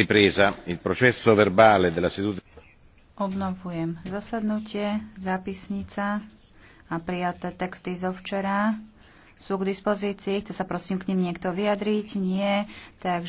il processo verbale della seduta Obnovujem zasadnutie, zápisnica a prijaté texty zo včera sú k dispozícii. Chce sa prosím k nim niekto vyjadriť? Nie. Takže